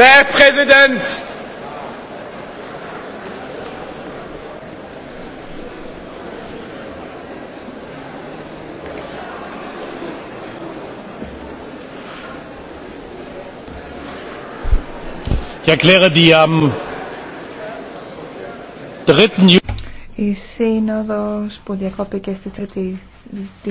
Der Herr Präsident! Ich erkläre die am 3. Juni. Η σύνοδος που διακόπηκε στις 3